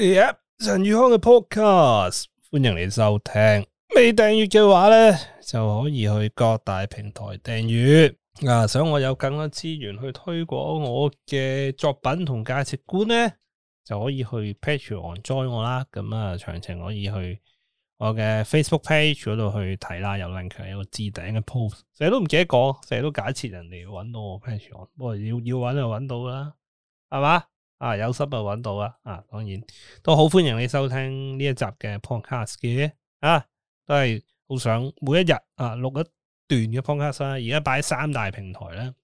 耶！陳宇康嘅 podcast，歡迎你收聽。未訂閱嘅話咧，就可以去各大平台訂閱。啊，想我有更多資源去推廣我嘅作品同價值觀咧，就可以去 patreon join 我啦。咁啊，詳情可以去我嘅 facebook page 嗰度去睇啦，有 link 喺個置頂嘅 post。成日都唔記得講，成日都假設人哋搵到我 patreon，不過要要搵就搵到啦，係嘛？啊，有心就揾到啦，啊當然都好歡迎你收聽呢一集嘅 podcast 嘅，啊都係好想每一日啊錄一段嘅 podcast 啦，啊，而家擺三大平台咧，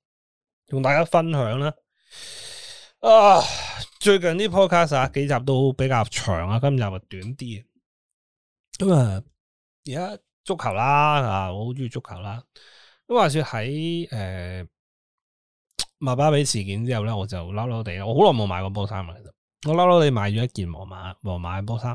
同大家分享啦。啊最近啲 podcast，啊、幾集都比較長就啊，今日咪短啲。咁啊而家足球啦啊，我好中意足球啦。咁、啊、話說喺誒。呃麥巴比事件之後咧，我就嬲嬲地，我好耐冇買過波衫啦。其實我嬲嬲地買咗一件皇馬皇馬波衫，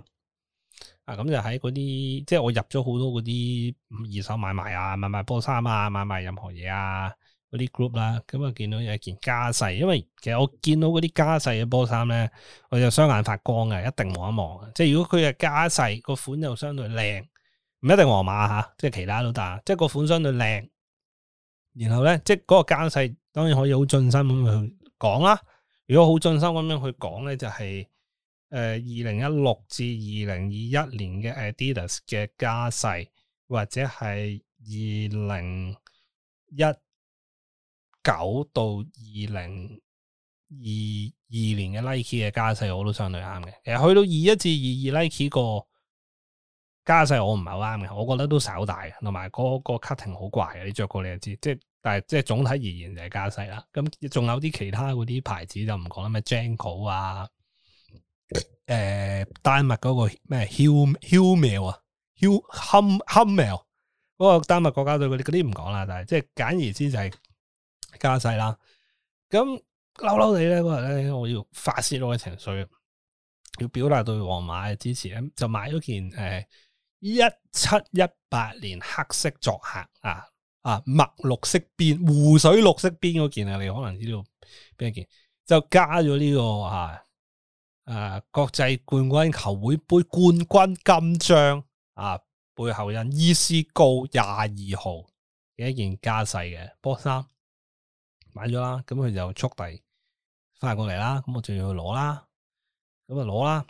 啊咁就喺嗰啲即係我入咗好多嗰啲二手買賣買買買買啊，賣賣波衫啊，賣賣任何嘢啊嗰啲 group 啦。咁啊見到有一件加細，因為其實我見到嗰啲加細嘅波衫咧，我就雙眼發光嘅，一定望一望嘅。即係如果佢係加細，個款又相對靚，唔一定皇馬吓，即係其他都得，即係個款相對靚。然後咧，即係嗰個加勢當然可以好盡心咁去講啦。如果好盡心咁樣去講咧，就係誒二零一六至二零二一年嘅 Adidas 嘅加勢，或者係二零一九到二零二二年嘅 Nike 嘅加勢，我都相對啱嘅。其實去到二一至二二 Nike 個。加細我唔係好啱嘅，我覺得都稍大，同埋嗰個 cutting 好怪嘅，你着過你就知。即係但係即係總體而言就係加細啦。咁仲有啲其他嗰啲牌子就唔講啦，咩 Jango 啊，誒、呃、丹麥嗰個咩 Hil Hummel 啊，Hil Hum Hummel 嗰個丹麥國家隊嗰啲嗰啲唔講啦。但係即係簡而言之就係加細啦。咁嬲嬲地咧，嗰日咧我要發洩我嘅情緒，要表達對皇馬嘅支持，咁就買咗件誒。呃一七一八年黑色作客啊啊墨綠色邊湖水綠色邊嗰件啊，你可能知道邊一件？就加咗呢、這個啊誒、啊、國際冠軍球會杯冠軍金章啊背後印伊斯高廿二號嘅一件加細嘅波衫買咗啦，咁佢就速遞翻嚟過嚟啦，咁我就要去攞啦，咁啊攞啦，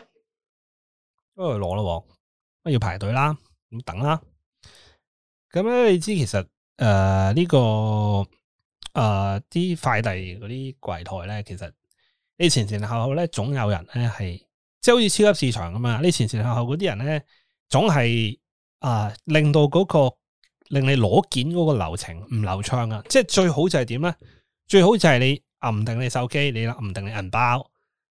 不過攞咯喎。要排隊啦，咁等啦。咁咧，你知其實誒呢、呃這個誒啲、呃、快遞嗰啲櫃台咧，其實你前前后後咧總有人咧係，即係好似超級市場咁啊！你前前后後嗰啲人咧，總係啊、呃、令到嗰、嗰個令你攞件嗰個流程唔流暢啊！即係最好就係點咧？最好就係你撳定你手機你啦，撳定你銀包，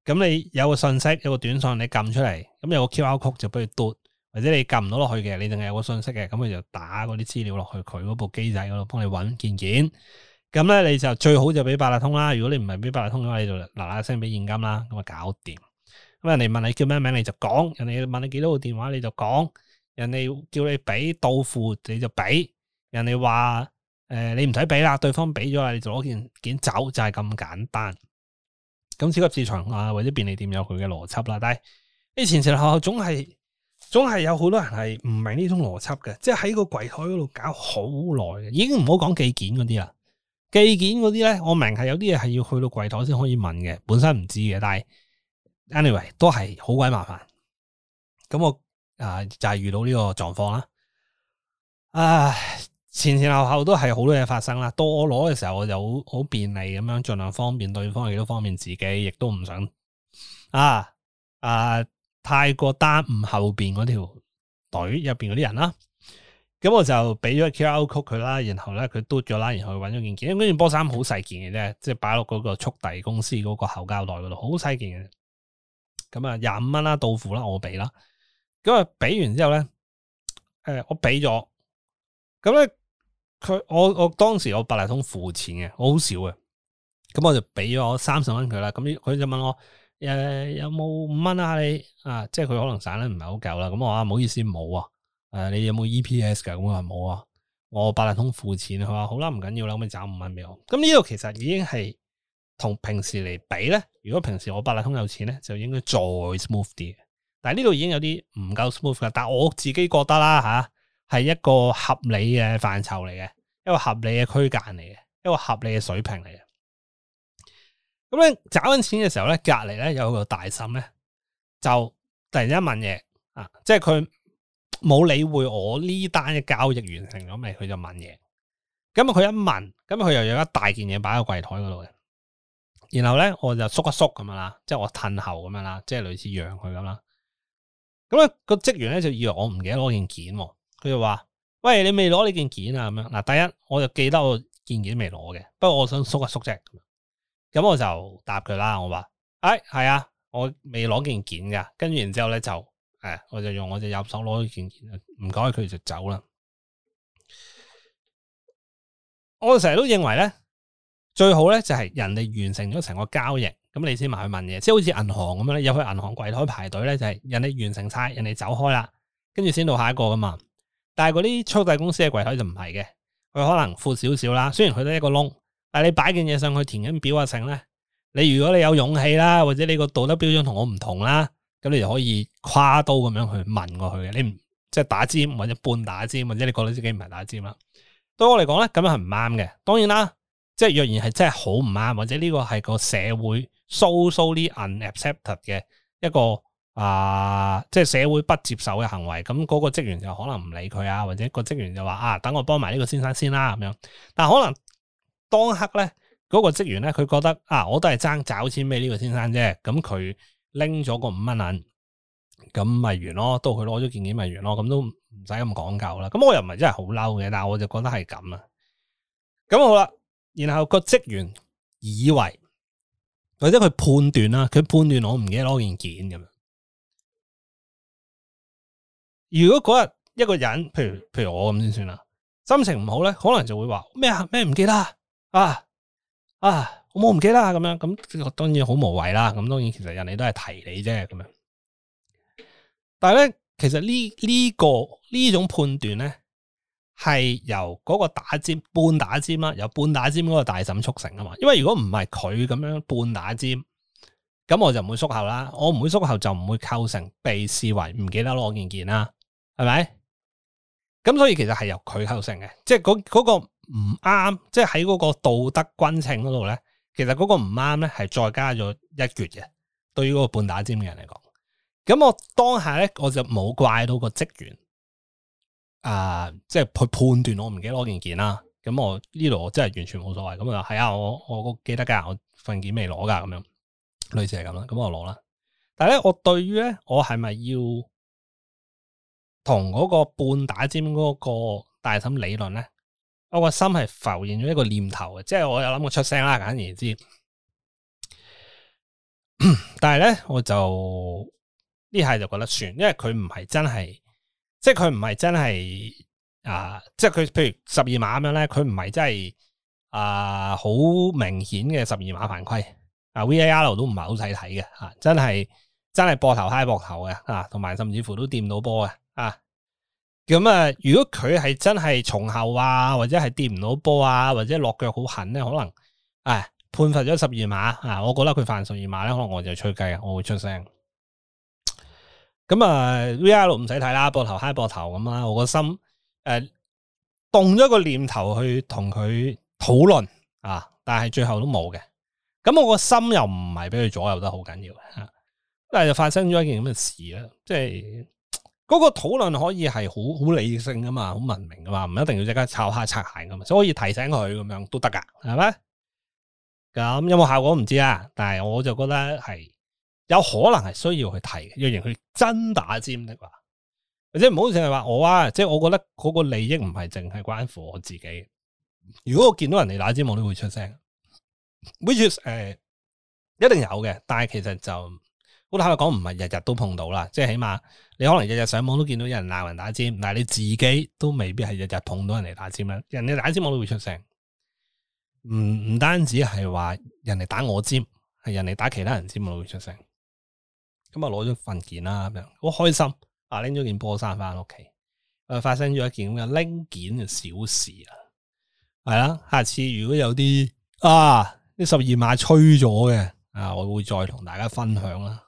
咁你有個信息有個短信你撳出嚟，咁有個 QR code 就俾佢嘟。或者你撳唔到落去嘅，你淨係有個信息嘅，咁佢就打嗰啲資料落去佢嗰部機仔嗰度，幫你搵件件。咁咧你就最好就畀八達通啦。如果你唔係畀八達通嘅話，你就嗱嗱聲畀現金啦。咁啊搞掂。咁人哋問你叫咩名，你就講；人哋問你幾多號電話，你就講；人哋叫你畀到付，你就畀。人哋話誒你唔使畀啦，對方俾咗啦，你就攞件件走，就係咁簡單。咁超級市場啊，或者便利店有佢嘅邏輯啦。但係你前前後後總係。總係有好多人係唔明呢種邏輯嘅，即係喺個櫃台嗰度搞好耐嘅，已經唔好講寄件嗰啲啦。寄件嗰啲咧，我明係有啲嘢係要去到櫃台先可以問嘅，本身唔知嘅，但係 anyway 都係好鬼麻煩。咁我啊、呃、就係、是、遇到呢個狀況啦。唉、啊，前前後後都係好多嘢發生啦。到我攞嘅時候，我就好好便利咁樣，盡量方便對方，亦都方便自己，亦都唔想啊啊！啊太過單誤後邊嗰條隊入邊嗰啲人啦，咁我就俾咗 QR code 佢啦，然後咧佢嘟咗啦，然後揾咗件件，因為件波衫好細件嘅啫，即係擺落嗰個速遞公司嗰個厚膠袋嗰度，好細件嘅，咁啊廿五蚊啦，到付啦，我俾啦，咁啊俾完之後咧，誒、呃、我俾咗，咁咧佢我我當時我百麗通付錢嘅，我好少嘅，咁我就俾咗三十蚊佢啦，咁呢佢就問我。誒、呃，有冇五蚊啊你？你啊，即係佢可能散得唔係好夠啦。咁我話唔好意思，冇啊。誒、呃，你有冇 EPS 噶？咁話冇啊。我八達通付錢，佢話好、啊、啦，唔緊要啦，咁樣找五蚊俾我。咁呢度其實已經係同平時嚟比咧。如果平時我八達通有錢咧，就應該再 smooth 啲。但係呢度已經有啲唔夠 smooth 噶。但係我自己覺得啦吓，係、啊、一個合理嘅範疇嚟嘅，一個合理嘅區間嚟嘅，一個合理嘅水平嚟嘅。咁咧找緊錢嘅時候咧，隔籬咧有個大嬸咧，就突然間問嘢啊，即係佢冇理會我呢單嘅交易完成咗未？佢就問嘢。咁佢一問，咁佢又有一大件嘢擺喺櫃台嗰度嘅。然後咧，我就縮一縮咁樣啦，即係我褪後咁樣啦，即係類似讓佢咁啦。咁咧個職員咧就以為我唔記得攞件件，佢就話：喂，你未攞呢件件啊？咁樣嗱，第一，我就記得我件件未攞嘅，不過我想縮一縮啫。咁我就答佢啦，我話哎，係啊，我未攞件件㗎。跟住然之後呢，就，誒、哎，我就用我隻右手攞件件，唔該，佢就走啦。我成日都認為呢，最好呢就係人哋完成咗成個交易，咁你先埋去問嘢，即、就、係、是、好似銀行咁樣咧，入去銀行櫃台排隊呢，就係人哋完成晒，人哋走開啦，跟住先到下一個㗎嘛。但係嗰啲速遞公司嘅櫃台就唔係嘅，佢可能闊少少啦，雖然佢得一個窿。但係你擺件嘢上去填緊表啊性咧，你如果你有勇氣啦，或者你個道德標準同我唔同啦，咁你就可以跨刀咁樣去問過去嘅，你唔即係打尖或者半打尖，或者你覺得自己唔係打尖啦。對我嚟講咧，咁樣係唔啱嘅。當然啦，即係若然係真係好唔啱，或者呢個係個社會 socially unacceptable 嘅一個啊，即係社會不接受嘅、呃、行為，咁嗰個職員就可能唔理佢啊，或者個職員就話啊，等我幫埋呢個先生先啦咁樣。但可能。當刻咧，嗰個職員咧，佢覺得啊，我都係爭找錢俾呢個先生啫。咁佢拎咗個五蚊銀，咁咪完咯。到佢攞咗件件咪完咯。咁都唔使咁講究啦。咁我又唔係真係好嬲嘅，但係我就覺得係咁啊。咁好啦，然後個職員以為或者佢判斷啦，佢判斷我唔記得攞件件咁樣。如果嗰日一個人，譬如譬如我咁先算啦，心情唔好咧，可能就會話咩啊咩唔記得啊。啊啊，我冇唔記得咁樣，咁當然好無謂啦。咁當然其實人哋都係提你啫咁樣。但係咧，其實呢呢、呢個呢種判斷咧，係由嗰個打尖半打尖啦，由半打尖嗰個大嬸促成啊嘛。因為如果唔係佢咁樣半打尖，咁我就唔會縮後啦。我唔會縮後就唔會構成被視為唔記得攞件件啦，係咪？咁所以其實係由佢構成嘅，即係嗰嗰個。唔啱，即係喺嗰個道德均稱嗰度咧，其實嗰個唔啱咧，係再加咗一橛嘅，對於嗰個半打尖嘅人嚟講。咁我當下咧，我就冇怪到個職員，啊、呃，即係佢判斷我唔記得攞件件啦。咁我呢度我真係完全冇所謂。咁啊，係、哎、啊，我我記得噶，我份件未攞噶，咁樣類似係咁啦。咁我攞啦。但係咧，我對於咧，我係咪要同嗰個半打尖嗰個大嬸理論咧？我個心係浮現咗一個念頭嘅，即係我有諗過出聲啦，簡而言之。 但係咧，我就呢下就覺得算，因為佢唔係真係，即係佢唔係真係啊，即係佢譬如十二碼咁樣咧，佢唔係真係啊好明顯嘅十二碼犯規啊，VAR 都唔係好使睇嘅啊，真係真係搏頭嗨搏頭嘅啊，同埋甚至乎都掂到波嘅啊。咁啊，如果佢係真係從後啊，或者係跌唔到波啊，或者落腳好狠咧，可能啊判罰咗十二碼啊，我覺得佢犯十二碼咧，可能我就吹雞啊，我會出聲。咁啊，V R 六唔使睇啦，膊頭嗨 i 膊頭咁啦，我個心誒、呃、動咗個念頭去同佢討論啊，但係最後都冇嘅。咁我個心又唔係俾佢左右得好緊要吓、啊，但係就發生咗一件咁嘅事啦即係。嗰、那個討論可以係好好理性噶嘛，好文明噶嘛，唔一定要即刻抄下拆鞋噶嘛，所以可以提醒佢咁樣都得噶，係咪？咁有冇效果唔知啊，但係我就覺得係有可能係需要去提，若然佢真打尖的話，或者唔好淨係話我啊，即、就、係、是、我覺得嗰個利益唔係淨係關乎我自己。如果我見到人哋打尖，我都會出聲。Which is 誒、呃，一定有嘅，但係其實就。我坦白講唔係日日都碰到啦，即係起碼你可能日日上網都見到有人鬧人打尖，但你自己都未必係日日碰到人哋打尖啦。人哋打尖我都會出聲，唔唔單止係話人哋打我尖，係人哋打其他人尖我都會出聲。咁啊攞咗份件啦，咁樣好開心啊！拎咗件波衫翻屋企，啊發生咗一件咁嘅拎件嘅小事啊，係啦。下次如果有啲啊呢十二碼吹咗嘅啊，我會再同大家分享啦。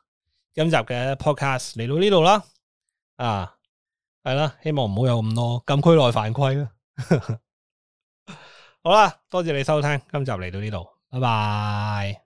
今集嘅 podcast 嚟到呢度啦，啊，係啦，希望唔好有咁多禁區內犯規啦。好啦，多謝你收聽，今集嚟到呢度，拜拜。